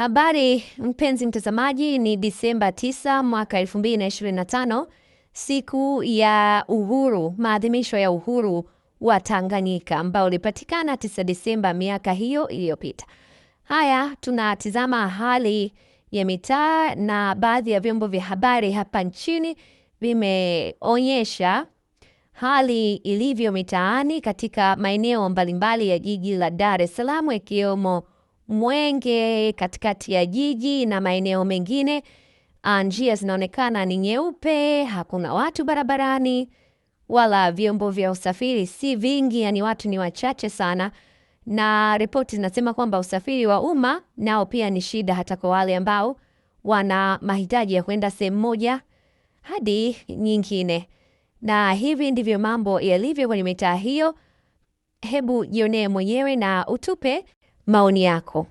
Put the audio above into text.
Habari mpenzi mtazamaji, ni Disemba 9 mwaka 2025, siku ya uhuru, maadhimisho ya uhuru wa Tanganyika ambao ulipatikana 9 Disemba miaka hiyo iliyopita. Haya, tunatizama hali ya mitaa na baadhi ya vyombo vya habari hapa nchini vimeonyesha hali ilivyo mitaani katika maeneo mbalimbali ya jiji la Dar es Salaam ikiwemo Mwenge, katikati ya jiji na maeneo mengine. Ah, njia zinaonekana ni nyeupe, hakuna watu barabarani wala vyombo vya usafiri si vingi, yani watu ni wachache sana, na ripoti zinasema kwamba usafiri wa umma nao pia ni shida, hata kwa wale ambao wana mahitaji ya kwenda sehemu moja hadi nyingine. Na hivi ndivyo mambo yalivyo kwenye mitaa hiyo. Hebu jionee mwenyewe na utupe maoni yako.